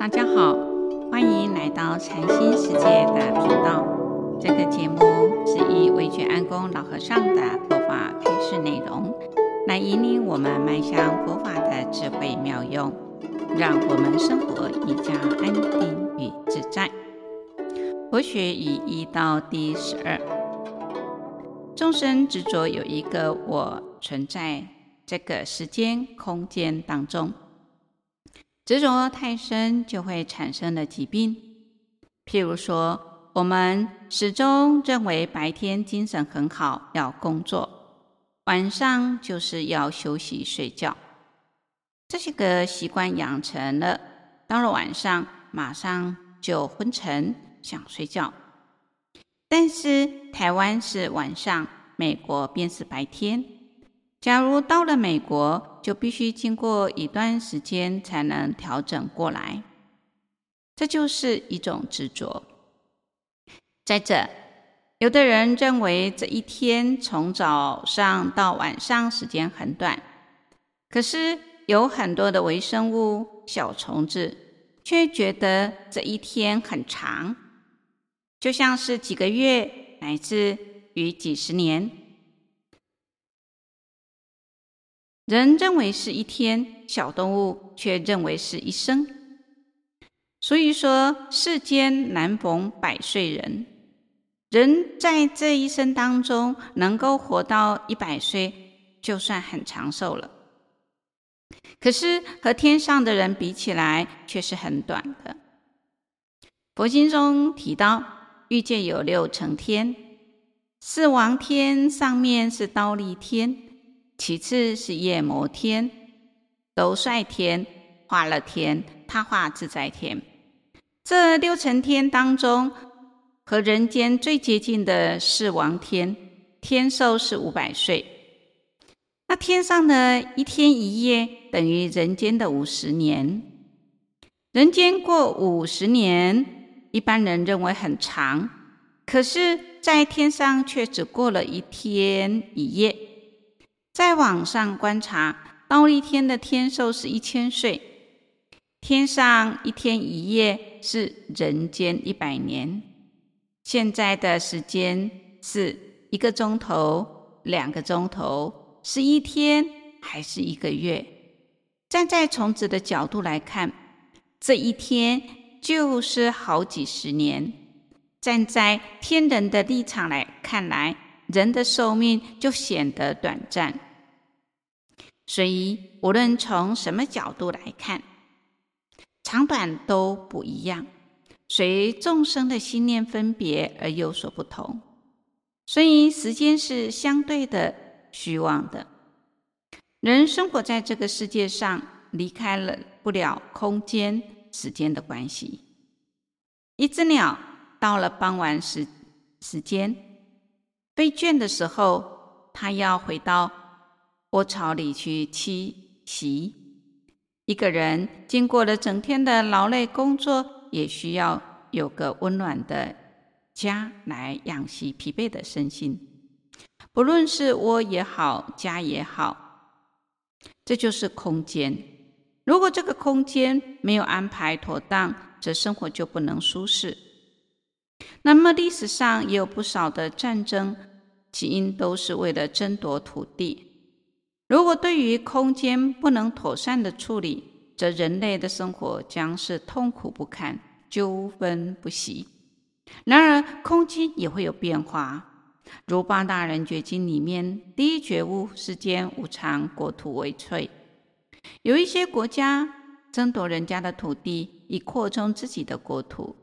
大家好，歡迎來到禪心世界的頻道。這個節目是以惟覺安公老和尚的佛法開示內容，來引領我們邁向佛法的智慧妙用，讓我們生活更加安定與自在。佛學與醫道第十二，眾生執着有一個我存在這個時間空間當中，執着太深就會產生了疾病，譬如說，我們始終認為白天精神很好，要工作，晚上就是要休息睡覺，這些個習慣養成了，到了晚上，馬上就昏沉想睡覺。但是台灣是晚上，美國便是白天。假如到了美國，就必須經過一段時間才能調整過來，這就是一種執着。再者，有的人認為這一天，從早上到晚上時間很短，可是有很多的微生物小蟲子卻覺得這一天很長，就像是幾個月，乃至於幾十年。人認為是一天，小動物卻認為是一生。所以說，世間難逢百歲人。人在這一生當中能夠活到一百歲，就算很長壽了。可是和天上的人比起來，卻是很短的。佛經中提到，欲界有六層天，四王天上面是忉利天。其次是夜摩天、兜率天、化樂天、他化自在天，這六層天當中，和人間最接近的是王天，天壽是五百歲。那天上的一天一夜等於人間的五十年，人間過五十年，一般人認為很長，可是，在天上卻只過了一天一夜。再往上觀察，忉利天的天壽是一千歲，天上一天一夜是人間一百年。現在的時間是一個鐘頭、兩個鐘頭，是一天還是一個月？站在蟲子的角度來看，這一天就是好幾十年；站在天人的立場來看來，人的壽命就顯得短暫。所以，無論從什麼角度來看，長短都不一樣，隨眾生的心念分別而有所不同。所以，時間是相對的、虛妄的。人生活在這個世界上，離開了不了空間、時間的關係。一只鳥到了傍晚時分，飛倦的時候，它要回到窩巢裡去棲息，一個人經過了整天的勞累工作，也需要有個溫暖的家來養息疲憊的身心。不論是窩也好，家也好，這就是空間。如果這個空間沒有安排妥當，則生活就不能舒適。那麼歷史上也有不少的戰爭，起因都是為了爭奪土地。如果對於空間不能妥善的處理，則人類的生活將是痛苦不堪、糾紛不息。然而，空間也會有變化，如《八大人覺經》裡面第一覺悟世間無常，國土危脆。有一些國家爭奪人家的土地，以擴充自己的國土，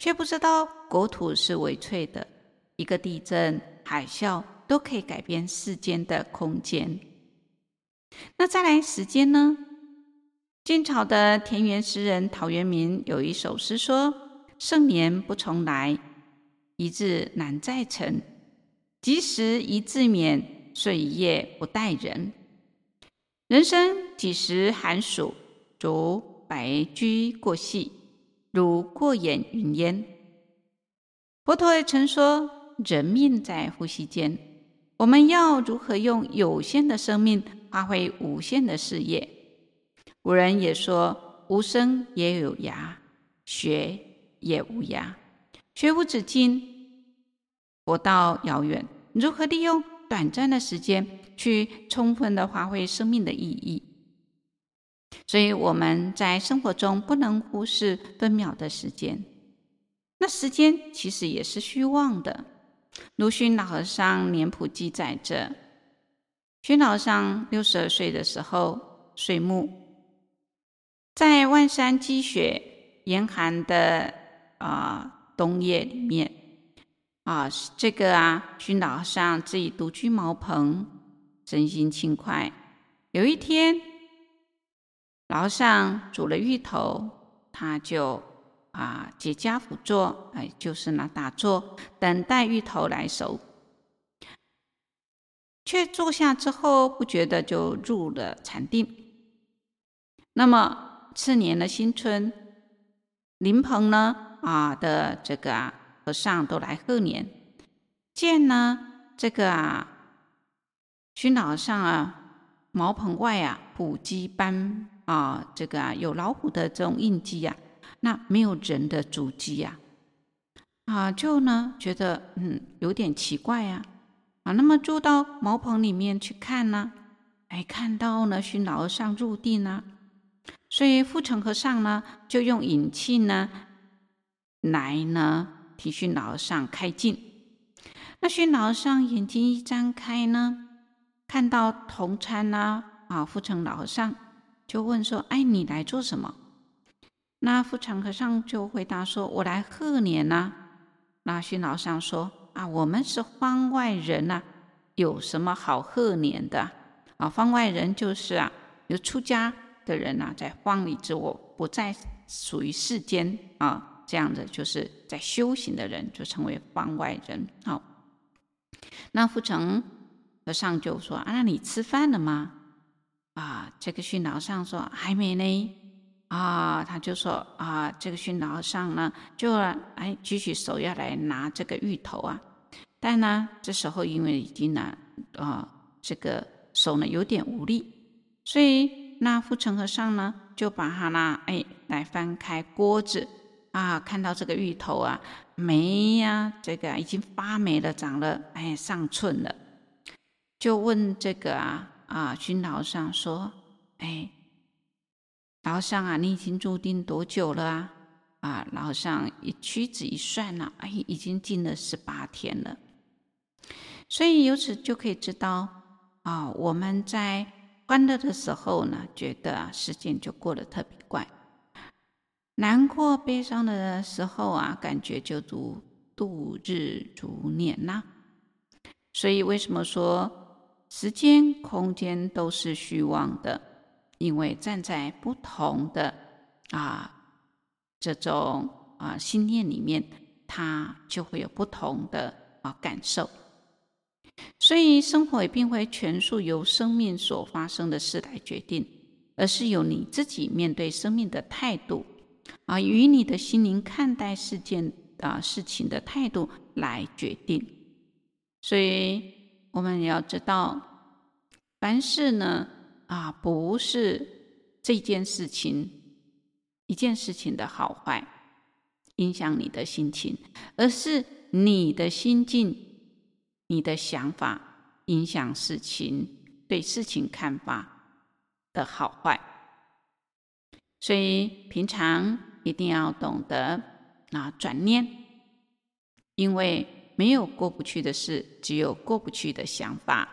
卻不知道國土是危脆的，一個地震、海嘯都可以改變世間的空間。那再來時間呢？晉朝的田園詩人陶淵明有一首詩說：“盛年不重來，一日難再晨。及時宜自勉，歲月不待人。”人生幾十寒暑？如白駒過隙，如過眼雲煙。佛陀也曾說：“人命在呼吸間。”我們要如何用有限的生命？發揮無限的事業。古人也說：“吾生也有涯，學也無涯，學無止境。”佛道遙遠，如何利用短暫的時間去充分的發揮生命的意義？所以我們在生活中不能忽視分秒的時間。那時間其實也是虛妄的。虛雲老和尚年譜記載着。虛老和尚六十二歲的時候，歲暮，在萬山積雪，嚴寒的啊、呃、冬夜裡面，啊、呃，這個啊，虛老和尚自己獨居茅棚，身心輕快。有一天，老和尚煮了芋頭，他就啊結、呃、跏趺坐，哎，就是那打坐，等待芋頭來熟。卻坐下之後，不覺得就入了禪定。那麼次年的新春，鄰棚呢啊的這個和尚都來賀年，見呢這個啊，虛雲老和尚啊茅棚外啊虎跡斑啊這個啊有老虎的這種印記呀，那沒有人的足迹呀，啊就呢覺得嗯有點奇怪呀、啊。啊，那麼住到茅棚裡面去看呢，哎，看到呢，虛老和尚入定呢，所以復成和尚呢，就用引磬呢，來呢替虛老和尚開靜。那虛老和尚眼睛一張開呢，看到同參呢、啊，啊，復成老和尚就問說：“哎，你來做什麼？”那復成和尚就回答說：“我來賀年吶、啊。”那虛老和尚說。啊，我們是方外人吶、啊，有什麼好賀年的啊？方外人就是啊，有出家的人吶、啊，在方里之，我不再屬於世間啊，這樣子就是在修行的人就稱為方外人。好，那復成和尚就說：“啊，那你吃飯了嗎？”啊，這個虛雲老和尚說：“還沒呢。”啊，他就說啊，這個虛老和尚呢，就、啊、哎舉起手要來拿這個芋頭啊，但呢，這時候因為已經呢、啊，啊，這個手呢有點無力，所以那復成和尚呢就把他呢，哎來翻開鍋子啊，看到這個芋頭啊霉呀、啊，這個已經發霉了，長了哎上寸了，就問這個啊啊虛老和尚說哎。牢像啊，你已經入定多久了啊？啊，後像，一屈指一算吶，哎，已經進了十八天了。所以由此就可以知道啊，我們在歡樂的時候呢，覺得、啊、時間就過得特別快；難過悲傷的時候啊，感覺就如度，度日如年吶、啊。所以為什麼說時間、空間都是虛妄的？因為站在不同的啊這種啊心念裡面，它就會有不同的啊感受。所以，生活也並非全數由生命所發生的事來決定，而是由你自己面對生命的態度啊，與你的心靈看待事件啊事情的態度來決定。所以我們也要知道，凡事呢。啊，不是這件事情、一件事情的好壞影響你的心情，而是你的心境、你的想法影響事情對事情看法的好壞。所以平常一定要懂得啊轉念，因為沒有過不去的事，只有過不去的想法。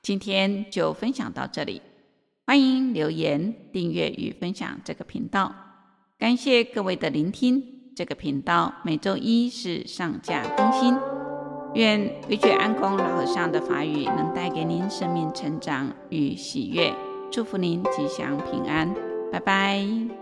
今天就分享到這裡。歡迎留言、訂閱與分享這個頻道。感謝各位的聆聽。這個頻道每週一是上架更新。願惟覺安公老和尚的法語能帶給您生命成長與喜悅。祝福您吉祥平安，拜拜。